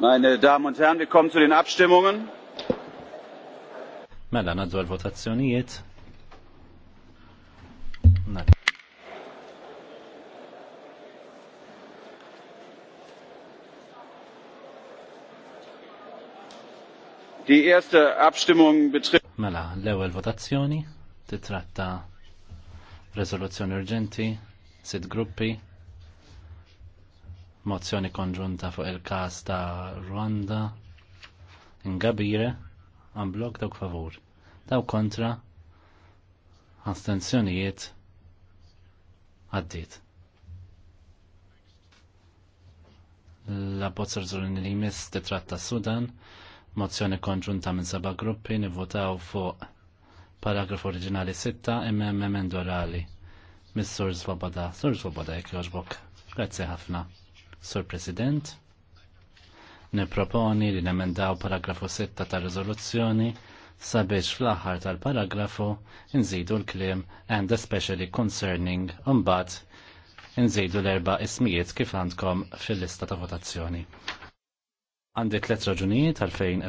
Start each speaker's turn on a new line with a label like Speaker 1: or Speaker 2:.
Speaker 1: Meine Damen und Herren, wir kommen zu den Abstimmungen.
Speaker 2: Mela naddu għal-votazzjonijiet.
Speaker 3: Die erste Abstimmung betrifft
Speaker 4: Mela, l-ewwel votazzjoni titratta rezoluzzjoni urġenti, sit gruppi, mozzjoni konġunta fuq il-kas ta' Rwanda, ngabire, għan blok dawk favur. Daw kontra, astenzjonijiet, għaddit. La bozzar rizolini li jmiss titratta Sudan, mozzjoni konġunta minn seba gruppi nivvotaw fuq paragraf oriġinali 6 imma emendorali. Mis-sur Svoboda, sur Svoboda jek joġbok. Grazie ħafna. Sur President, niproponi li nemendaw paragrafu 6 tal rizoluzzjoni sabiex fl-aħħar tal-paragrafu nżidu l-klim and especially concerning umbat nżidu l-erba ismijiet kif għandkom fil-lista ta' votazzjoni. Għandi tlet raġunijiet għalfejn